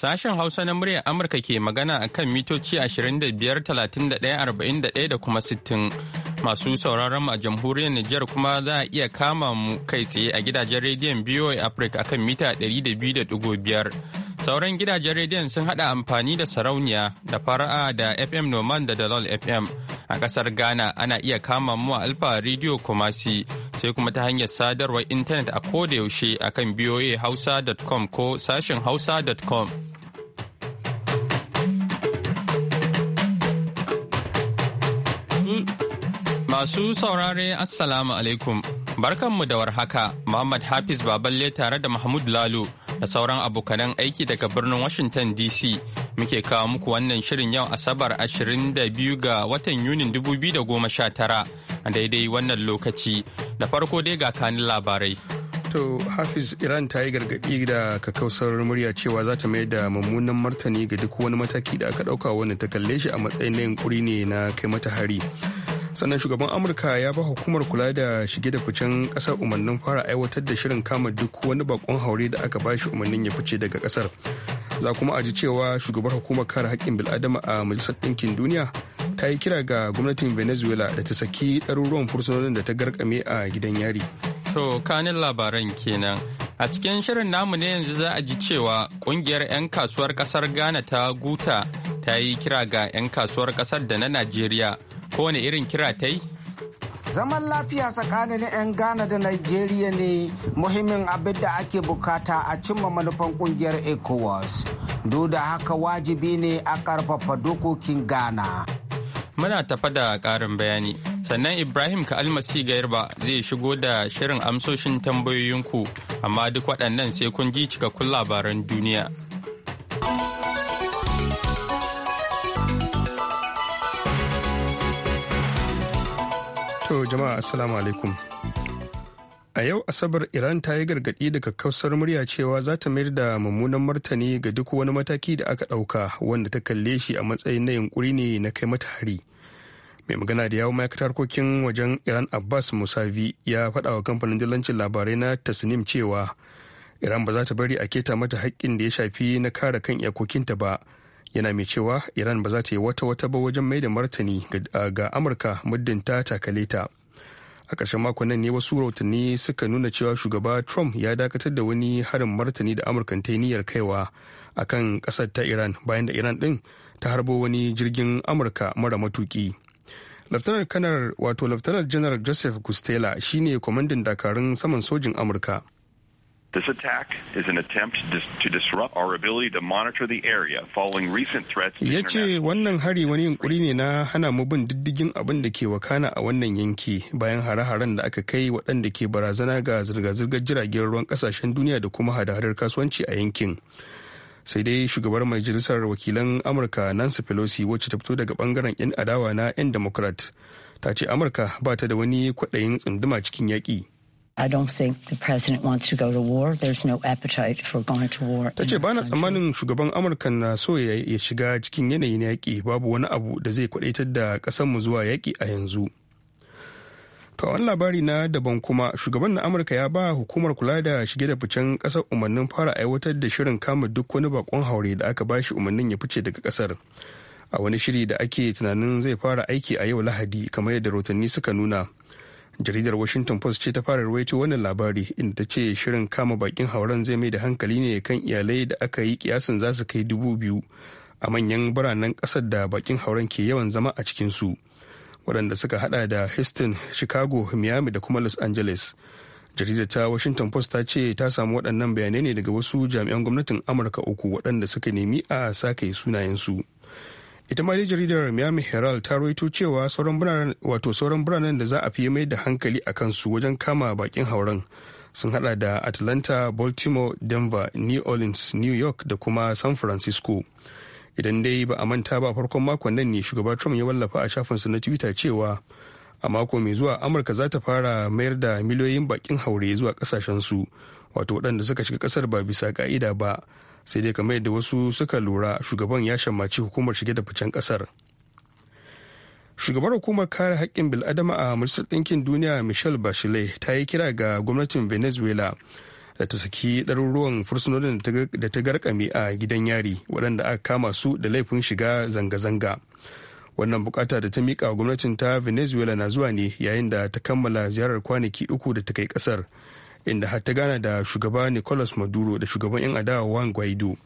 Sashen Hausa na muryar Amurka ke magana a kan mitoci 25,31,41 da kuma 60. Masu sauraron a jamhuriyar Nijar kuma za a iya kama mu kai tsaye a gidajen rediyon BOA Africa a kan mita 200.5. Sauran gidajen rediyon sun hada amfani da sarauniya da fara'a da FM Noman da Dalol FM. A kasar Ghana ana iya kama mu a Alfa Radio Kumasi sai kuma ta hanyar sadarwar intanet a yaushe a kan hausa.com ko sashen hausa.com. Masu saurare Assalamu alaikum. mu da warhaka, Muhammad Hafiz Baballe tare da Mahmud Lalo da sauran abokanan aiki daga birnin Washington DC muke kawo muku wannan shirin yau Asabar 22 ga watan Yunin 2019 a daidai wannan lokaci. Da farko dai ga kanin labarai. To Hafiz Iran ta yi gargaɗi da kakausar murya cewa za ta mai da mummunan martani ga duk wani mataki da aka ɗauka wanda ta kalle shi a matsayin na yunkuri ne na kai mata hari. sannan shugaban amurka ya ba hukumar kula da shige da ficen kasar umarnin fara aiwatar da shirin kama duk wani bakon haure da aka ba shi umarnin ya fice daga kasar za kuma ji cewa shugabar hukumar kare haƙƙin bil'adama a majalisar ɗinkin duniya ta yi kira ga gwamnatin venezuela da ta saki ɗaruruwan fursunonin da ta garkame a gidan yari to kanin labaran kenan a cikin shirin namu ne yanzu za a ji cewa kungiyar 'yan kasuwar kasar ghana ta guta ta yi kira ga 'yan kasuwar kasar da na najeriya kowane irin kira ta yi zaman lafiya tsakanin 'yan ghana da nigeria ne muhimmin abin da ake bukata a cimma manufan kungiyar ecowas duk da haka wajibi ne a karfafa dokokin ghana muna tafa da karin bayani sannan ibrahim ka almasi yarba zai shigo da shirin amsoshin tambayoyinku amma duk waɗannan sai kun ji cikakkun labaran duniya. To jama'a assalamu alaikum. A yau Asabar Iran ta yi gargaɗi daga kausar murya cewa za ta mayar da mummunan martani ga duk wani mataki da aka ɗauka wanda ta kalle shi a matsayin na yunkuri ne na kai mata hari. Mai magana da yawon ma'aikatar harkokin wajen Iran Abbas Musavi ya faɗa wa kamfanin dillancin labarai na Tasnim cewa Iran ba za ta bari a keta mata haƙƙin da ya shafi na kare kan iyakokinta ba. yana mai cewa iran ba za ta yi wata wata ba wajen mai da martani ga amurka muddin ta takale ta a ƙarshen makon nan ne wasu rahotanni suka nuna cewa shugaba trump ya dakatar da wani harin martani da amurka ta niyyar kaiwa a kan ƙasar ta iran bayan da iran ɗin ta harbo wani jirgin amurka mara matuki laftanar kanar wato laftanar janar joseph gustela shine kwamandan dakarun saman sojin amurka This attack is an attempt to disrupt our ability to monitor the area following recent threats. Ya ce wannan hari wani yunkuri ne na hana mu bin diddigin abin da ke wakana a wannan yanki bayan hare-haren da aka kai waɗanda ke barazana ga zirga-zirgar jiragen ruwan ƙasashen duniya da kuma hada kasuwanci a yankin. Sai dai shugabar majalisar wakilan Amurka Nancy Pelosi wacce ta fito daga bangaren 'yan adawa na 'yan Democrat ta ce Amurka ba ta da wani kwaɗayin tsunduma cikin yaƙi. I don't the president wants to go no appetite for going Ta ce ba na tsammanin shugaban Amurka na so ya shiga cikin yanayin yaƙi babu wani abu da zai kwadaitar da ƙasarmu zuwa yaƙi a yanzu. To wani labari na daban kuma shugaban na Amurka ya ba hukumar kula da shige da ficen ƙasar umarnin fara aiwatar da shirin kama duk wani bakon haure da aka bashi umarnin ya fice daga ƙasar. A wani shiri da ake tunanin zai fara aiki a yau Lahadi kamar yadda rahotanni suka nuna. jaridar washington post ce ta fara rawaito wannan labari inda ta ce shirin kama bakin hauren zai mai da hankali ne kan iyalai da aka yi kiyasin za su kai dubu biyu a manyan biranen kasar da bakin hauren ke yawan zama a cikinsu waɗanda suka hada da houston chicago miami da kuma los angeles jaridar ta washington post ta ce ta samu waɗannan bayanai ne daga wasu jami'an gwamnatin amurka uku waɗanda suka nemi a sake sunayensu. su ita ma jaridar miami herald ta rawaito cewa sauran biranen da za a fiye mai da hankali a kansu wajen kama bakin hauren sun hada da atlanta baltimore denver new orleans new york da kuma san francisco idan dai ba a manta ba farkon makon nan ne shugaba trump ya wallafa a shafinsa na twitter cewa a mako mai zuwa amurka za ta fara mayar da miliyoyin bakin haure zuwa kasashensu wato waɗanda suka shiga kasar ba bisa ka'ida ba sai dai kamar yadda wasu suka lura shugaban ya shammaci hukumar shige da ficen kasar shugabar hukumar kare haƙƙin bil'adama a majalisar ɗinkin duniya michelle bachelet ta yi kira ga gwamnatin venezuela da ta saki ɗaruruwan fursunonin da ta garkame a gidan yari waɗanda aka kama su da laifin shiga zanga-zanga wannan bukata da ta miƙa gwamnatin ta venezuela na zuwa ne yayin da ta kammala ziyarar kwanaki uku da ta kai ƙasar inda har ta gana da shugaba nicolas maduro da shugaban 'yan adawa juan guaido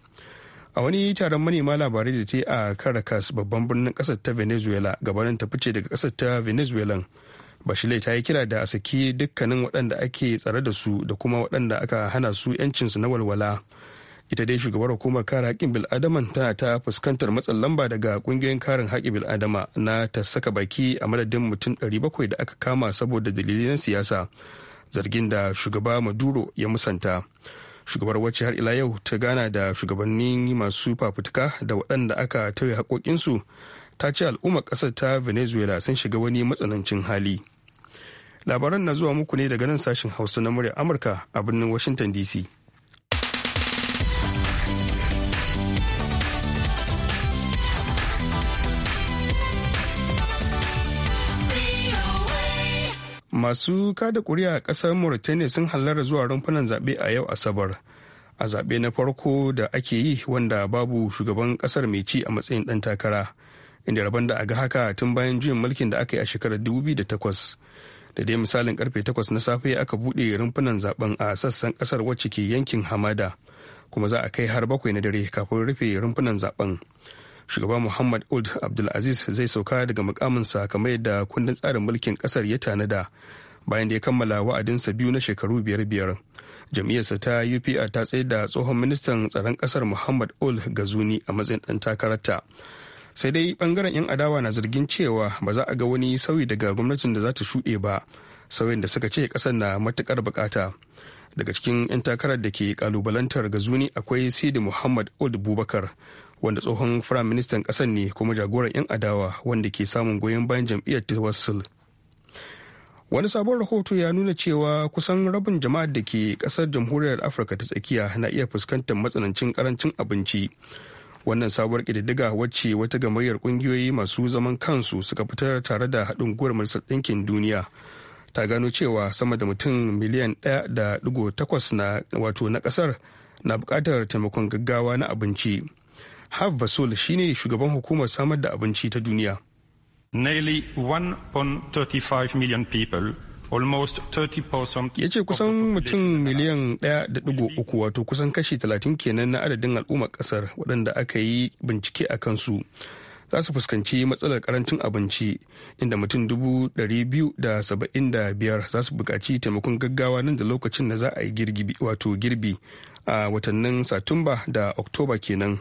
a wani taron manema labarai da ta yi a caracas babban birnin kasar ta venezuela gabanin ta fice daga kasar ta venezuelan bashile ta yi kira da a saki dukkanin waɗanda ake tsare da su da kuma waɗanda aka hana su yancin su na walwala ita dai shugabar hukumar kare haƙƙin bil'adaman tana ta fuskantar matsin lamba daga ƙungiyoyin karin haƙƙin bil'adama na ta saka baki a madadin mutum 700 da aka kama saboda dalilin siyasa zargin da shugaba maduro ya musanta shugabar wacce har ila yau ta gana da shugabannin masu fafutuka da waɗanda aka tauye haƙoƙinsu ta ce al'umma ƙasar ta venezuela sun shiga wani matsanancin hali labaran na zuwa muku ne daga nan sashen hausa na murya amurka a birnin washington dc masu kada kuri'a a kasar mauritania sun hallara zuwa rumfunan zaɓe a yau asabar a zaɓe na farko da ake yi wanda babu shugaban ƙasar mai ci a matsayin ɗan takara inda rabon da aga haka tun bayan juyin mulkin da aka yi a shekarar 2008 da dai misalin karfe 8 na safe aka buɗe rumfunan zaben a sassan ƙasar wacce ke yankin hamada kuma za a kai har bakwai na dare kafin rufe rumfunan zaben shugaba muhammad old abdulaziz zai sauka daga mukaminsa kamar yadda kundin tsarin mulkin kasar ya tanada bayan da ya kammala wa'adinsa biyu na shekaru biyar biyar jam'iyyarsa ta upr ta tsaye da tsohon ministan tsaron kasar muhammad old gazuni a matsayin dan takararta sai dai bangaren 'yan adawa na zargin cewa ba za a ga wani sauyi daga gwamnatin da za ta shuɗe ba sauyin da suka ce kasar na matukar bukata daga cikin 'yan takarar da ke kalubalantar gazuni akwai sidi muhammad old bubakar wanda tsohon firaministan ƙasar ne kuma jagoran 'yan adawa wanda ke samun goyon bayan jam'iyyar tawassul wani sabon rahoto ya nuna cewa kusan rabin jama'ar da ke kasar jamhuriyar afirka ta tsakiya na iya fuskantar matsanancin karancin abinci wannan sabuwar ƙididdiga wacce wata gamayyar ƙungiyoyi masu zaman kansu suka fitar tare da haɗin gwiwar majalisar ɗinkin duniya ta gano cewa sama da mutum miliyan 1.8 na wato na ƙasar na buƙatar taimakon gaggawa na abinci Hav shine shugaban hukumar samar da abinci ta duniya. Nearly 1.35 million people ya ce kusan mutum miliyan 1.3 wato kusan kashi 30 kenan na adadin al'ummar kasar waɗanda aka yi bincike a kansu za su fuskanci matsalar karancin abinci inda mutum 275 za su buƙaci taimakon gaggawa nan da lokacin da za a yi girbi a watannin satumba da oktoba kenan.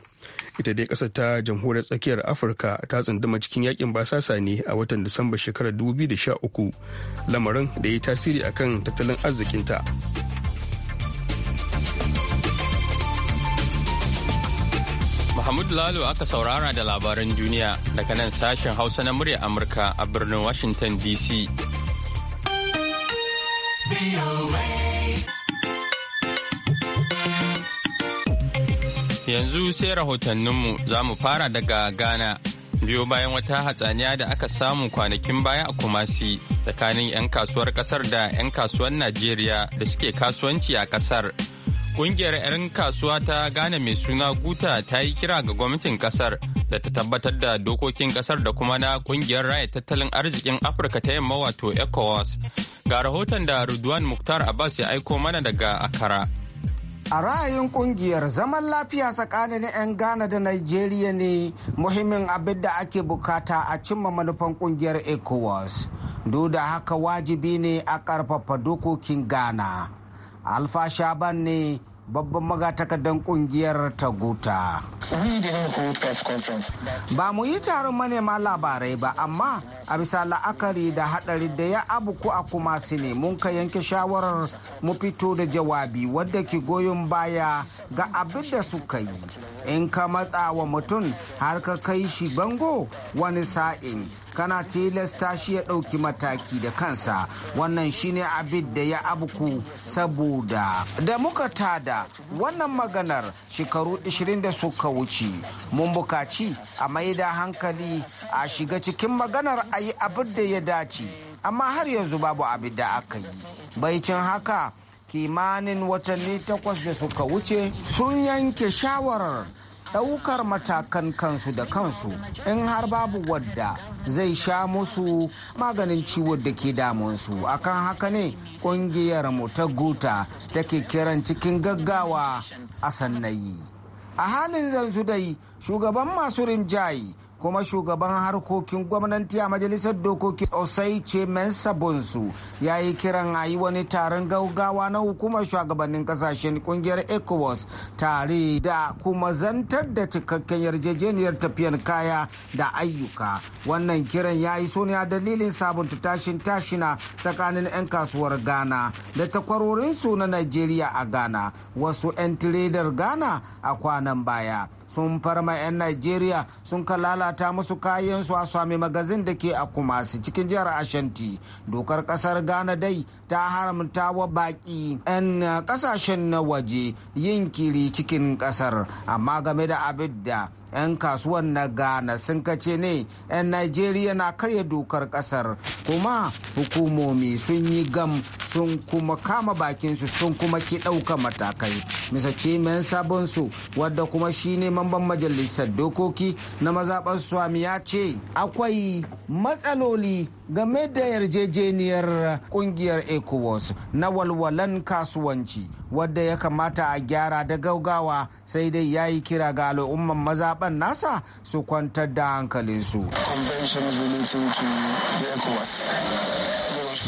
ita dai ƙasar ta jamhuriyar tsakiyar afirka ta tsunduma cikin yakin basasa ne a watan disamba shekarar 2013 lamarin da ya yi tasiri akan tattalin arzikinta Mahmud Lalo aka saurara da labaran duniya daga nan sashen Hausa na murya Amurka a birnin Washington DC. Yanzu sai rahotanninmu za mu fara daga Ghana. Biyo bayan wata hatsaniya da aka samu kwanakin baya a Kumasi tsakanin 'yan kasuwar kasar da 'yan kasuwar Najeriya da suke kasuwanci a kasar. ƙungiyar 'yan kasuwa ta Ghana mai suna Guta ta yi kira ga gwamnatin kasar da ta tabbatar da dokokin kasar da kuma na ƙungiyar raya tattalin arzikin Afirka ta yamma wato ECOWAS. Ga rahoton da Rudwan Muktar Abbas ya aiko mana daga Akara. A ra'ayin kungiyar zaman lafiya tsakanin 'yan Ghana da Nigeria ne muhimmin abin da ake bukata a cimma manufan kungiyar ECOWAS. Duk da haka wajibi ne a ƙarfafa dokokin Ghana. Alfa Shaban ne babban magatakardan kungiyar taguta. Ba mu yi taron manema labarai ba, amma a bisa la'akari da hadari da ya abuku a kuma su ne mun ka yanke shawarar mu fito da jawabi wadda ke goyon baya ga abin da suka yi. In ka matsa wa mutum har ka kai shi bango wani sa'in kana tilasta shi ya ɗauki mataki da kansa wannan shine abin da ya abku saboda da muka tada wannan maganar shekaru 20 da suka wuce mun bukaci a maida hankali a shiga cikin maganar a yi abin da ya dace amma har yanzu babu abin da aka yi baicin haka kimanin watanni takwas da suka wuce sun yanke shawarar ɗaukar matakan kansu da kansu in har babu wadda zai sha musu maganin ciwo da ke damunsu akan haka ne ƙungiyar mu ta guta take kiran cikin gaggawa a sannayi a halin zanzu dai shugaban masu rinjaye kuma shugaban harkokin gwamnati a majalisar dokoki osai ce bonsu ya yi kiran a yi wani taron gaugawa na hukumar shugabannin kasashen kungiyar ecowas tare da kuma zantar da cikakken yarjejeniyar tafiyar kaya da ayyuka wannan kiran ya yi sonya dalilin sabunta tashin tashina tsakanin 'yan kasuwar ghana da takwarorinsu na nigeria a ghana wasu 'yan tiredar ghana a kwanan baya sun farma 'yan najeriya sun ka lalata musu su a sami magazin da ke a kumasi cikin jihar ashanti dokar kasar ghana dai ta haramta wa baki 'yan kasashen na waje yin kiri cikin kasar amma game da abin da 'yan kasuwan na ghana sun kace ne 'yan najeriya na karya dokar kasar kuma hukumomi sun yi gam sun kuma kama bakinsu sun kuma ki ɗauka matakai misa sabon sabonsu wadda kuma shi ne mamban majalisar dokoki na mazaɓar swami ya ce akwai matsaloli game da yarjejeniyar kungiyar ecowas na walwalan kasuwanci wadda ya kamata a gyara da gaugawa sai dai ya yi kira ga al'umman mazaban nasa su kwantar da hankalinsu.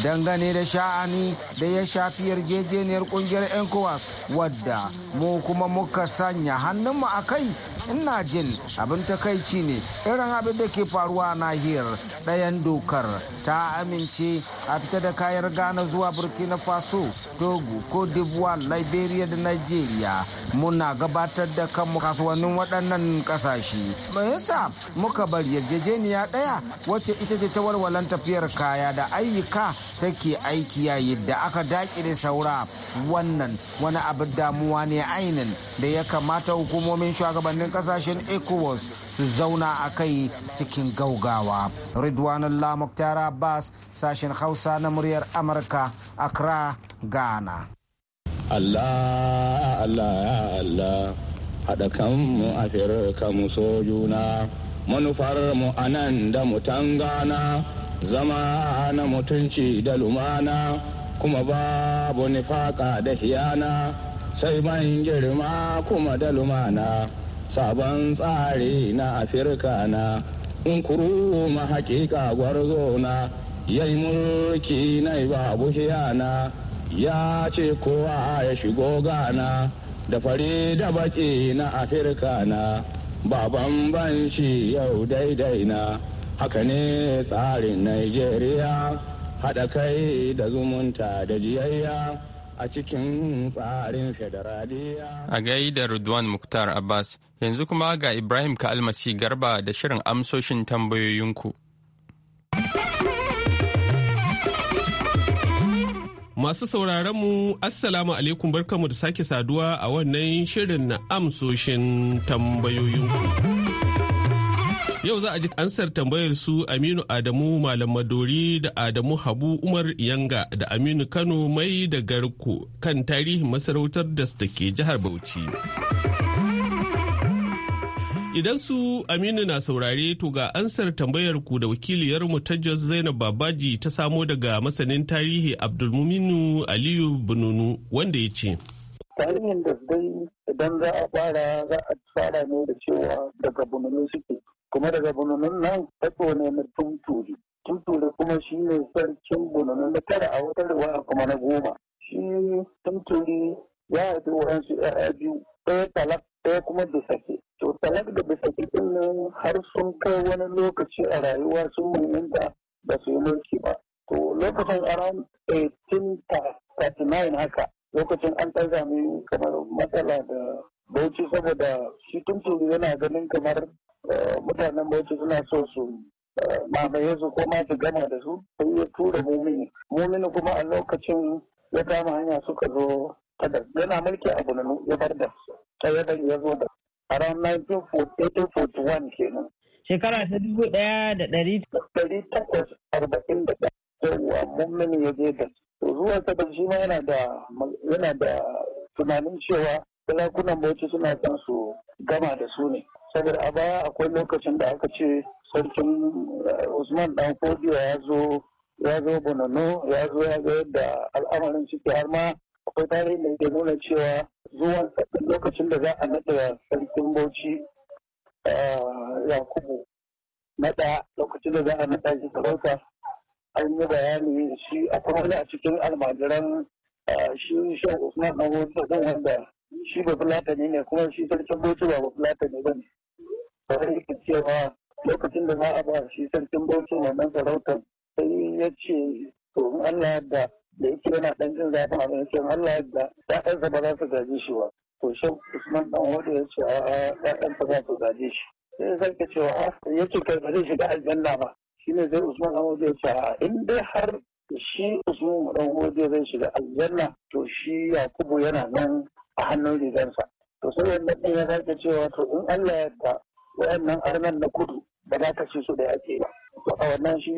dangane da sha'ani da ya shafi yarjejeniyar kungiyar ecowas wadda mu kuma muka sanya hannunmu a kai ina jin abin takaici ne irin abin da ke faruwa nahiyar ɗayan dokar ta amince a fita da kayar gana zuwa burkina faso togo ko d'ivoire liberia da nigeria muna gabatar da kanmu kasuwannin waɗannan ƙasashe yasa muka bari yarjejeniya ɗaya wacce ita ce ta walwalan tafiyar kaya da ayyuka take aiki yayi da aka dakile saura wannan wani abin damuwa ne ainin da ya kamata hukumomin shugabannin kasashen ecowas su zauna a kai cikin gaugawa ridwanullah muktar abbas sashen hausa na muryar amurka accra ghana allah allah allah haɗa kanmu a kanmu so juna manufar mu anan da mu gana. zama na mutunci da lumana kuma babu nifaka da hiyana sai man girma kuma da lumana sabon tsari na afirka na ma hakika gwarzo na yayi mulki na babu hiyana ya ce kowa ya shigo gana da fari da baki na afirka na baban banci yau daidai na haka ne tsarin Najeriya haɗa kai da zumunta da jiyayya a cikin tsarin federaliya. A gaida Rudwan Mukhtar Abbas, yanzu kuma ga Ibrahim kalmasi Garba da shirin amsoshin tambayoyinku. Masu sauraron mu Assalamu alaikum barkamu da sake saduwa a wannan shirin na amsoshin tambayoyinku. Yau za a ji ansar tambayar su Aminu Adamu Malam Madori da Adamu Habu Umar Yanga da Aminu Kano Mai da Garko kan tarihin masarautar da ke jihar Bauchi. Idan su Aminu na saurare to ga ansar tambayar ku da wakiliyarmu ta Jos Zainab Babaji ta samo daga masanin tarihi Abdulmuminu Aliyu Bununu wanda ya ce. Tarihin da dai idan za a fara za a fara ne da cewa daga Bununu suke kuma daga bunonin nan ta ne na tuntuli tuntuli kuma shi ne sarkin bunonin na tara a wata ruwa kuma na goma shi tuntuli ya haifi waɗansu ‘ya'ya biyu ɗaya talak ɗaya kuma bisake to talak da bisake ɗin nan har sun kai wani lokaci a rayuwa sun muhimminta ba su yi mulki ba to lokacin around 1839 haka lokacin an ɗan sami kamar matsala da bauchi saboda shi tuntuli yana ganin kamar Eh, mutanen bauchi suna so su eh, mamaye su ko ma su gama da su sai ya tura mumini mumini kuma a lokacin ya kama hanya suka zo kadar yana mulki a bunanu ya bar da ta yadda ya zo da a ran 1941 kenan shekara ta dubu daya da dari takwas arba'in da ɗaya mumini ya je da zuwa ta shi ma yana da tunanin cewa sarakunan bauchi suna son su gama da su ne saboda a baya akwai lokacin da aka ce sarkin uh, usman dan fodiyo ya zo ya zo bonono ya zo ya ga yadda al'amarin ciki har ma akwai tarihin da ke nuna cewa zuwan lokacin da za a naɗa sarkin bauchi uh, yakubu naɗa lokacin da za a naɗa shi sarauta an yi bayani shi akwai wani a cikin almajiran uh, shi shan usman dan fodiyo wanda shi ba fulatani ne kuma shi sarkin bauchi ba ba fulatani ba ne tare yake cewa lokacin da za a ba shi sarkin bauchi wannan sarautar sai ya ce to in Allah yadda da yake yana dan jin zafin abin sai in Allah yadda ya'yansa ba za su gaji shi ba to shan usman dan wanda ya ce a ya'yansa za su gaji shi sai ya sarki cewa a yake kai ba zai shiga aljanna ba shine sai usman dan wanda ya ce a in dai har shi usman dan wanda zai shiga aljanna to shi yakubu yana nan a hannun rigansa to sai wannan ɗin ya sarki cewa to in Allah yadda wayannan arnan na kudu ba za ka ci su da yake ba a wannan shi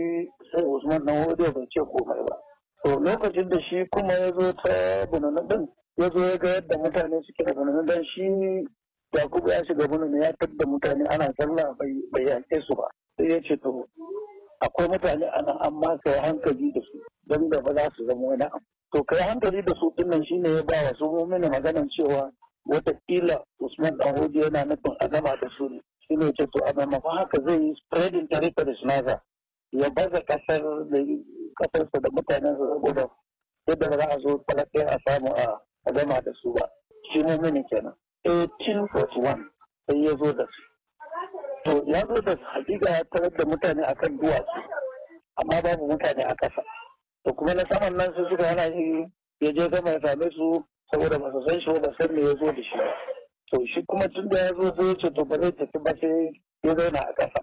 sai usman na wode bai ce komai ba to lokacin da shi kuma ya zo ta bununu din ya zo ya ga yadda mutane suke da bununu dan shi yakubu ya shiga bununu ya tadda mutane ana sallah bai yaƙe su ba sai ya ce to akwai mutane ana amma kai hankali da su don da ba za su zama wani abu to kai hankali da su dinnan shine ya ba wa su mumini maganan cewa wataƙila usman dan yana nufin a gama da su ne shi ne ce to a maimakon haka zai yi spreadin territories da ya baza kasar da kasarsa da su saboda yadda ba za a zo falakai a samu a gama da su ba shi ne mini kenan 1841 sai ya zo da su to ya zo da hakika ya tarar da mutane a kan duwatsu amma babu mutane a ƙasa to kuma na saman nan su suka yana yi ya je gama ya same su saboda ba su san shi ba san me ya zo da shi ba to shi kuma tun da ya zo sai ce to ba zai tafi ba sai ya zauna a ƙasa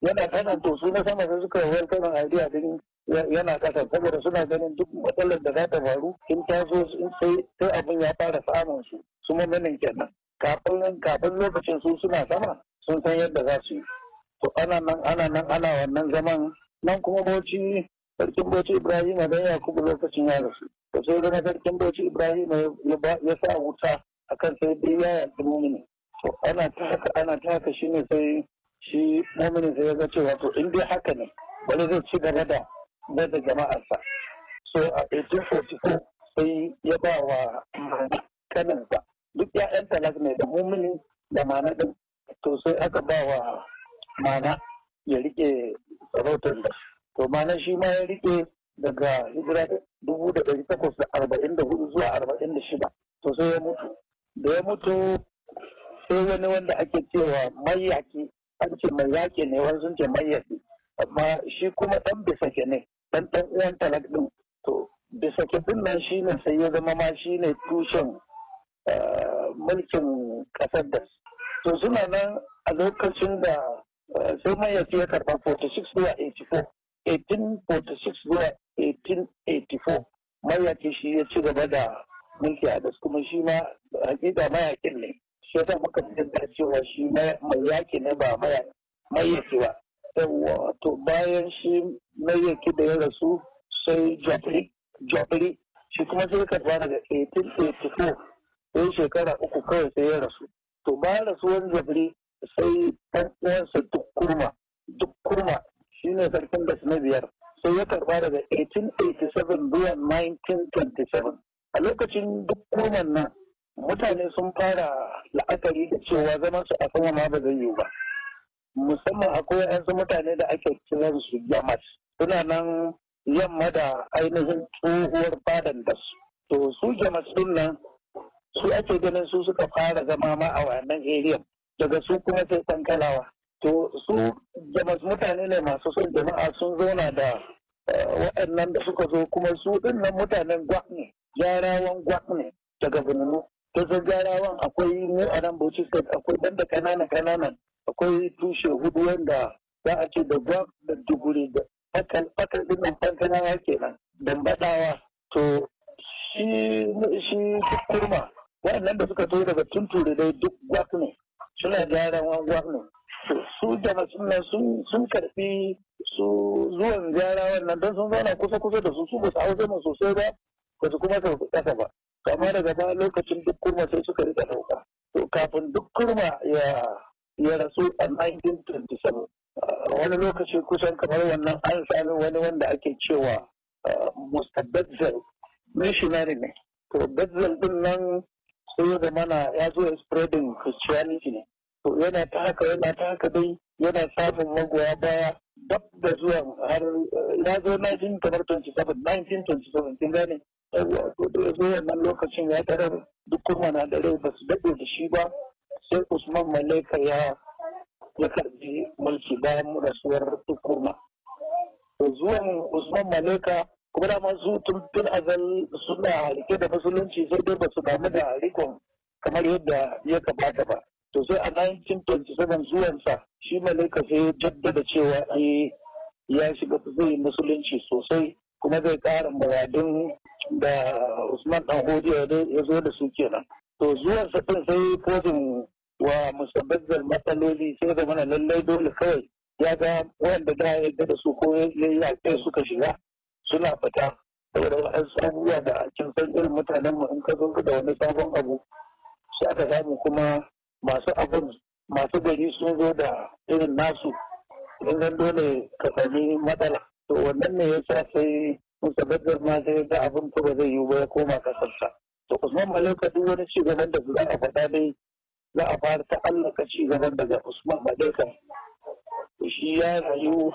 yana kanan to su na sama sai suka welcome idea din yana ƙasa saboda suna ganin duk matsalar da za ta faru in ta zo sai abin ya fara samun su su mamanin kenan kafin kafin lokacin su suna sama sun san yadda za su yi to ana nan ana nan ana wannan zaman nan kuma bauchi sarkin bauchi ibrahim dan yakubu lokacin ya rasu to sai zama sarkin bauchi ibrahim ya sa wuta akan sai dai ya yanzu mumini to ana ta haka ana ta haka shine sai shi mumini sai ya ga cewa to in dai haka ne bari zai ci gaba da da jama'arsa so a 1844 sai ya ba wa kaninsa duk ya'yan talak ne da mumini da mana din to sai aka ba wa mana ya rike sarautar da to mana shi ma ya rike daga hijira dubu da ɗari takwas da arba'in da hudu zuwa arba'in da shida to sai ya mutu da ya mutu sai wani wanda ake cewa mayyaki an ce mai yaƙi ne wani sun ce mayyaki amma shi kuma ɗan bisake ne ɗan ɗan uwan talak ɗin to bisake ɗin nan shi ne sai ya zama ma shi ne tushen eh, mulkin ƙasar da to suna nan a lokacin da eh, sai mayyaki ya karɓa 46 zuwa 84 1846 zuwa 1884 mayyaki shi ya ci gaba da mulki a kuma shi ma hakika mayakin ne shi yasa muka fahimta cewa shi mai yaki ne ba mayaki ba yawwa to bayan shi mayaki da ya rasu sai jobri shi kuma sai karba daga 1884 sai shekara uku kawai sai ya rasu to bayan rasuwan jobri sai ɗan ɗansa duk kurma duk kurma shi ne sarkin da na biyar sai ya karba daga 1887 zuwa 1927 a lokacin duk goman nan mutane sun fara la'akari da cewa zaman su a sama ma ba zai yiwu ba musamman akwai yansu mutane da ake kiran su jamas suna nan yamma da ainihin tsohuwar badan da su to su jamas din nan su ake ganin su suka fara zama ma a wannan area daga su kuma sai kankalawa to su jamas mutane ne masu son jama'a sun zauna da eh, waɗannan da suka zo kuma su ɗin nan mutanen ne. jarawan gwak ne daga bununu kusan jarawan akwai ne a nan bauchi state akwai banda kanana kananan akwai tushe hudu wanda za a ce da gwak da duguri da fakal fakal din nan fankanawa kenan dambadawa to shi shi kurma waɗannan da suka to daga tunture dai duk gwak ne suna jarawan gwak ne su jama nan sun karfi su zuwan gyara wannan don sun zauna kusa kusa da su su ba su hausa sosai ba ba su kuma sauka ƙasa ba to amma daga ba lokacin duk kurma sai suka rika ɗauka to kafin duk kurma ya ya rasu a 1927 uh, wani lokaci kusan kamar wannan an sami wani wanda ake cewa uh, Mr. Betzel missionary ne to Betzel din nan sai da mana ya zo spreading Christianity ne to yana ta haka yana ta haka dai yana samun magoya baya dab da zuwa har uh, ya zo 1927 1927 kin gane yawwa to da ya zo wannan lokacin ya tarar duk kuma na da rai ba su daɗe da shi ba sai usman malaika ya ya karbi mulki bayan rasuwar tukurma to zuwan usman malaika kuma da masu tun azal suna rike da musulunci sai dai ba su damu da rikon kamar yadda ya kamata ba to sai a 1927 zuwansa shi malaika sai ya jaddada cewa ya shiga zai musulunci sosai kuma zai ƙara muradin da Usman Dan Hoji ya zo da su kenan. To zuwan sa din sai kotun wa musabbazar matsaloli sai da mana lallai dole kawai ya ga wanda da ya yarda da su ko ya yaƙe suka shiga suna fita saboda waɗansu abubuwa da kin san irin mutanen mu in ka zo da wani sabon abu sai aka samu kuma masu abin masu gari sun zo da irin nasu in dole ka sami matsala to wannan ne ya sa sai musabbabin ma sai da abin ko ba zai yiwu ba ya koma kasarsa to usman malauka duk wani ci gaban da za a faɗa dai za a fara ka ci gaban daga usman malauka shi ya rayu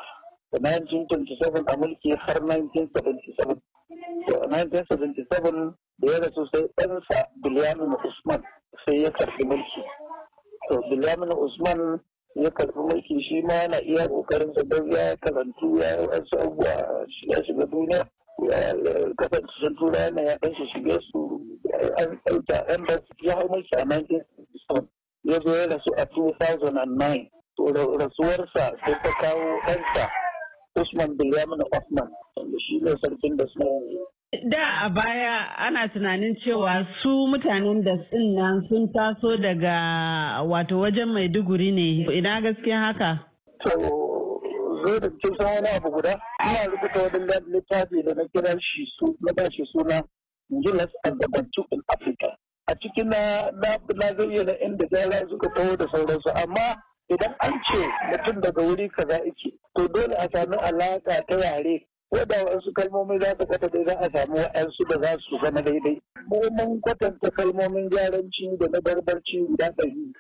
da 1927 a mulki har 1977 to a 1977 da ya rasu sai ɗansa bilyamin usman sai ya karɓi mulki to bilyamin usman ya karɓi mulki shi ma yana iya ƙoƙarin sa don ya karantu ya yi wasu abubuwa ya shiga duniya kasashen tura yana ya ɗan shige su an ɗauka ɗan ba su ya hau mulki a 1967 ya zo ya rasu a 2009 to rasuwarsa sai ta kawo ɗansa Usman Bilyamin Osman wanda shi ne sarkin da suna yanzu. Da a baya ana tunanin cewa su mutanen da nan sun taso daga wato wajen Maiduguri ne ina gaskiya haka? To zo da cikin san wani abu guda ina rubuta wani littafi da na kira shi su na ba shi suna Gillas and the Bantu in Africa a cikin na na zayyana inda gyara suka taho da sauransu amma idan an ce mutum daga wuri kaza yake to dole a sami alaka ta yare wadda wasu kalmomin za su kwata dai za a samu wa'yansu da za su zama daidai mu mun kwatanta kalmomin gyaranci da na barbarci guda ɗari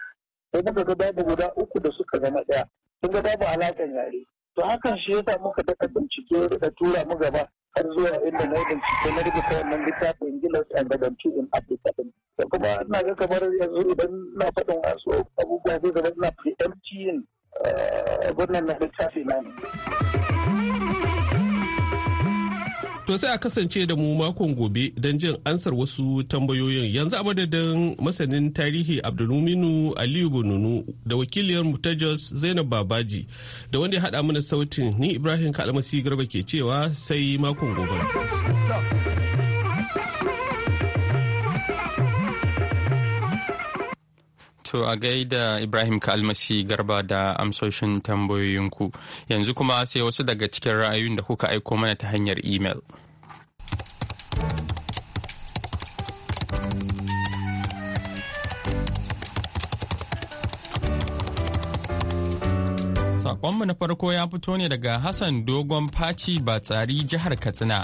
sai muka ga babu guda uku da suka zama ɗaya sun ga babu alaƙan yare to hakan shi yasa muka daka bincike da tura mu gaba har zuwa inda na bincike na rubuta wannan littafin Gilas a the in Africa din. Da kuma ina ga kamar yanzu idan na faɗin wasu abubuwa zai gaba ina pre-emptying gwamnan eh, na littafi na ne. To sai a kasance da mu makon gobe don jin ansar wasu tambayoyin yanzu a madadin masanin tarihi Abdulmuminu Aliyu Bununu da wakiliyar Mutajos Zainab Babaji da wanda ya haɗa mana sautin ni Ibrahim Kalmasi Garba ke cewa sai makon gobe. To a gaida Ibrahim Kalmasi Garba da amsoshin tambayoyinku. Yanzu kuma sai wasu daga cikin ra'ayoyin da kuka aiko mana ta hanyar imel. saƙonmu na farko ya fito ne daga Hassan Dogon Faci Batsari jihar Katsina,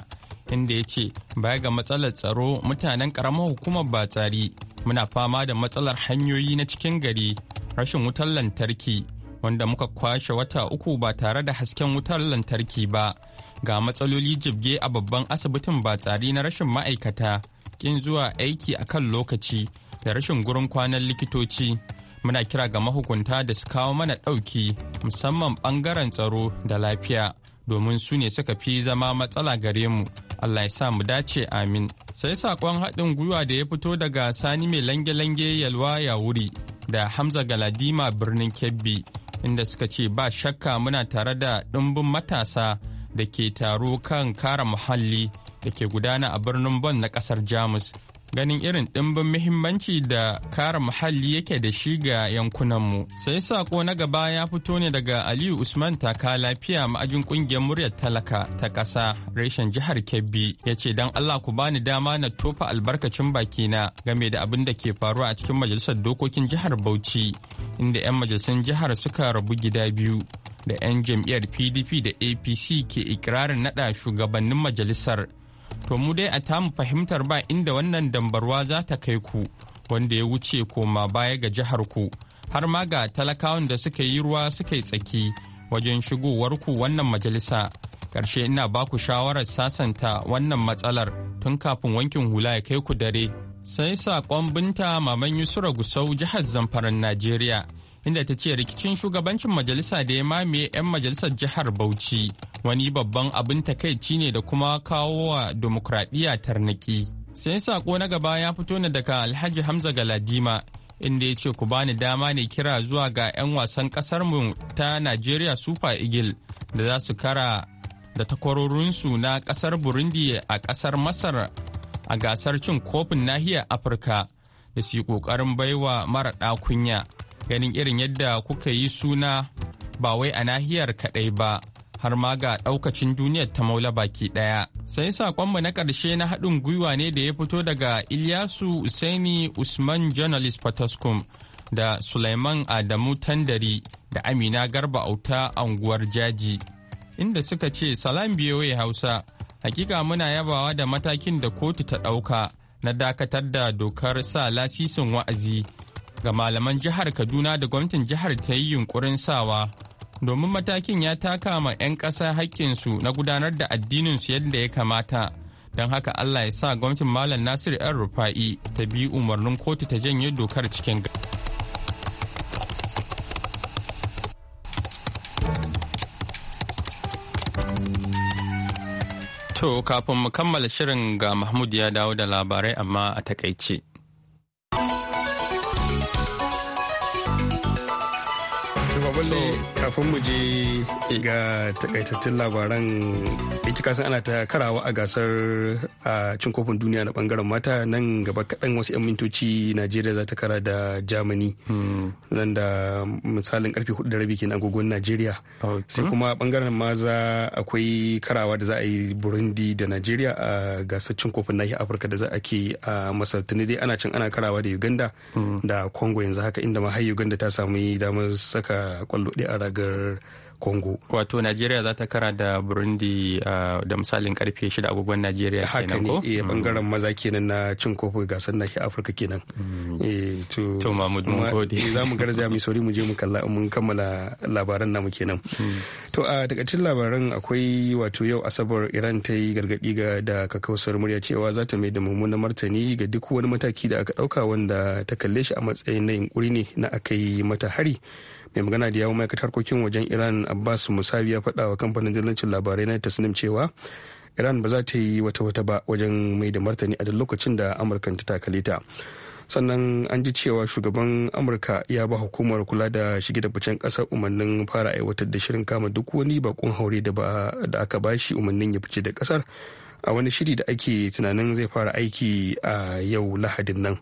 inda ya ce, baya ga matsalar tsaro mutanen ƙaramar hukumar Batsari muna fama da matsalar hanyoyi na cikin gari rashin wutar lantarki wanda muka kwashe wata uku ba tare da hasken wutar lantarki ba ga matsaloli jibge a babban asibitin batsari na rashin ma'aikata kin zuwa aiki a kan lokaci da rashin gurin kwanan likitoci muna kira ga mahukunta da su kawo mana ɗauki musamman ɓangaren tsaro da lafiya domin su ne suka fi zama matsala gare mu Allah ya sa mu dace amin. Sai saƙon haɗin gwiwa da ya fito daga Sani mai lange-lange yalwa ya wuri da Hamza Galadima birnin Kebbi inda suka ce ba shakka muna tare da ɗumbin matasa da ke taro kan kare muhalli da ke gudana a birnin Bon na ƙasar Jamus ganin irin ɗimbin muhimmanci da kare muhalli yake da shi ga yankunanmu. Sai sako na gaba ya fito ne daga Aliyu Usman taka lafiya ma'ajin ƙungiyar muryar talaka ta ƙasa reshen jihar Kebbi ya ce don Allah ku bani dama na tofa albarkacin bakina game da abin da ke faruwa a cikin majalisar dokokin jihar Bauchi inda 'yan majalisun jihar suka rabu gida biyu. da 'yan jam'iyyar pdp da apc ke ikirarin naɗa shugabannin majalisar to mu dai a tamu fahimtar ba inda wannan dambarwa za ta kai ku wanda ya wuce koma baya ga jihar ku har ma ga talakawan da suka yi ruwa suka yi tsaki wajen shigowar ku wannan majalisa ƙarshe ina ba ku shawarar sasanta wannan matsalar tun kafin wankin hula ya kai ku dare sai saƙon binta maman yusura gusau jihar zamfaran najeriya inda ta ce rikicin shugabancin majalisa da ya mamaye 'yan majalisar jihar Bauchi wani babban abin takaici ne da kuma kawo wa demokradiyya tarnaki. Sai sako na gaba ya fito ne daga Alhaji Hamza Galadima inda ya ce ku bani dama ne kira zuwa ga 'yan wasan mu ta Najeriya Super Eagle da za su kara da takwarorinsu na kasar Burundi a kasar Masar a gasar cin kofin nahiyar Afirka da su yi ƙoƙarin baiwa mara ɗakunya. kunya. ganin irin yadda kuka yi suna ba wai a nahiyar kaɗai ba har ma ga ɗaukacin duniyar ta maula baki ɗaya. Sai saƙonmu na ƙarshe na haɗin gwiwa ne da ya fito daga Ilyasu Usaini Usman Journalist Fataskum da suleiman Adamu Tandari da Amina Garba Auta anguwar Jaji. Inda suka ce salam biyoyi Hausa, hakika muna yabawa da matakin da kotu ta ɗauka na dakatar da dokar sa lasisin wa'azi. ga malaman jihar Kaduna da gwamnatin jihar ta yi yunkurin sawa domin matakin ya taka ma 'yan ƙasa haƙƙinsu na gudanar da addininsu yadda ya kamata don haka Allah ya sa gwamnatin Malam Nasir 'yan rufa'i ta bi umarnin kotu ta janye dokar cikin To kafin mu kammala shirin ga Mahmud ya dawo da labarai amma a takaice. Buen día. kafin mu je ga takaitattun labaran yake kasan ana ta karawa a gasar a cin kofin duniya na bangaren mata nan gaba kaɗan wasu 'yan mintoci najeriya za ta kara da germany hmm. nan da misalin karfe hudu da rabi kenan agogon najeriya sai kuma bangaren maza akwai karawa da za a yi burundi da najeriya a gasar cin kofin nahiyar afirka da za a ke a masar dai ana cin ana karawa da uganda hmm. da congo yanzu haka inda ma har uganda ta sami damar saka kwallo ɗaya a tawagar congo wato najeriya za ta kara da burundi da misalin karfe shida agogon najeriya haka ne eh, mm. bangaren maza kenan na cin ga gasar shi afirka kenan mm. eh, to mahmud mun eh, za mu garzaya mu sauri mu je mu kalla mun kammala labaran namu kenan mm. to a takaicin labaran akwai wato yau asabar iran ta yi gargadi ga da kakausar murya cewa za ta mai da mummunan martani ga duk wani mataki da aka dauka wanda ta kalle shi a matsayin na yunkuri ne na akai mata hari mai magana da yawon ma'aikatar harkokin wajen iran abbas musabi ya faɗa wa kamfanin dillancin labarai na tasnim cewa iran ba za ta yi wata wata ba wajen mai da martani a duk lokacin da amurka ta takale ta sannan an ji cewa shugaban amurka ya ba hukumar kula da shige da ficen kasar umarnin fara aiwatar da shirin kama duk wani bakon haure da aka bashi umarnin ya fice da kasar a wani shiri da ake tunanin zai fara aiki a yau lahadin nan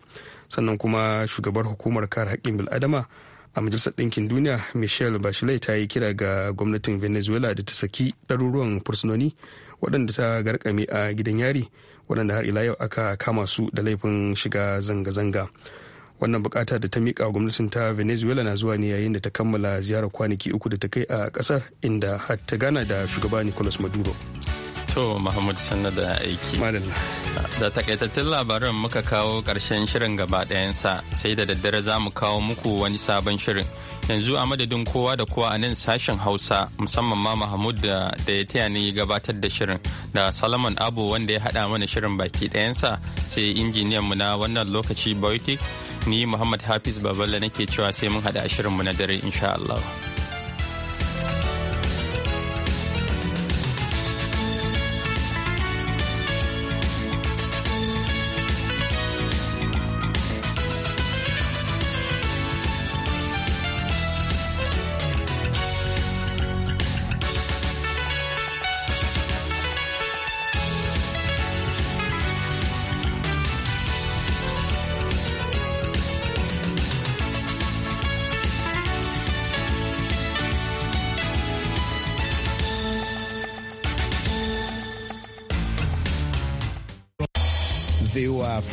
sannan kuma shugabar hukumar kare haƙƙin bil'adama a majalisar ɗinkin duniya michelle bachelet ta yi kira ga gwamnatin venezuela da ta saki ɗaruruwan fursunoni waɗanda ta garkame a gidan yari waɗanda har ila yau aka kama su da laifin shiga zanga-zanga wannan bukata da ta miƙa gwamnatin ta venezuela na zuwa ne yayin da ta kammala ziyarar kwanaki uku da ta kai a ƙasar inda har ta gana da shugaba nicolas maduro To Muhammad sanna da aiki. Da takaitattun labaran muka kawo ƙarshen shirin gaba ɗayansa sai da daddare za mu kawo muku wani sabon shirin. Yanzu a madadin kowa da kowa a nan sashen Hausa musamman ma Mahmud da ya taya ni gabatar da shirin da salomon Abu wanda ya haɗa mana shirin baki ɗayansa sai injiniyan mu na wannan lokaci Boytik ni Muhammad Hafiz Baballa nake cewa sai mun haɗa a shirin mu na dare insha Allah.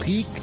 peak